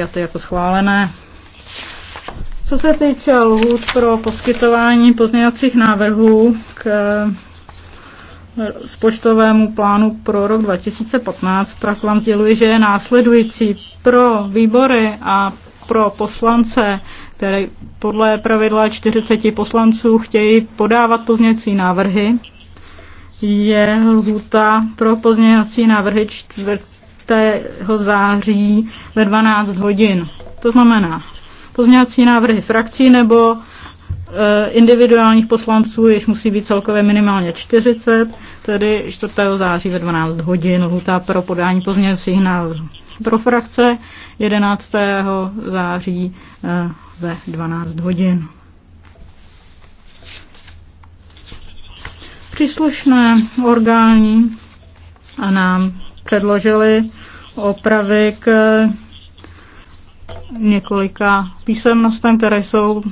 přijaty jako schválené. Co se týče lhůt pro poskytování pozměňovacích návrhů k spočtovému eh, plánu pro rok 2015, tak vám sděluji, že je následující pro výbory a pro poslance, které podle pravidla 40 poslanců chtějí podávat pozměňovací návrhy, je lhůta pro pozměňovací návrhy čtvrt září ve 12 hodin. To znamená pozměňovací návrhy frakcí nebo eh, individuálních poslanců jež musí být celkově minimálně 40, tedy 4. září ve 12 hodin lhuta pro podání pozměňovacích návrhů pro frakce 11. září eh, ve 12 hodin. Příslušné orgány nám předložili opravy k několika písemnostem, které jsou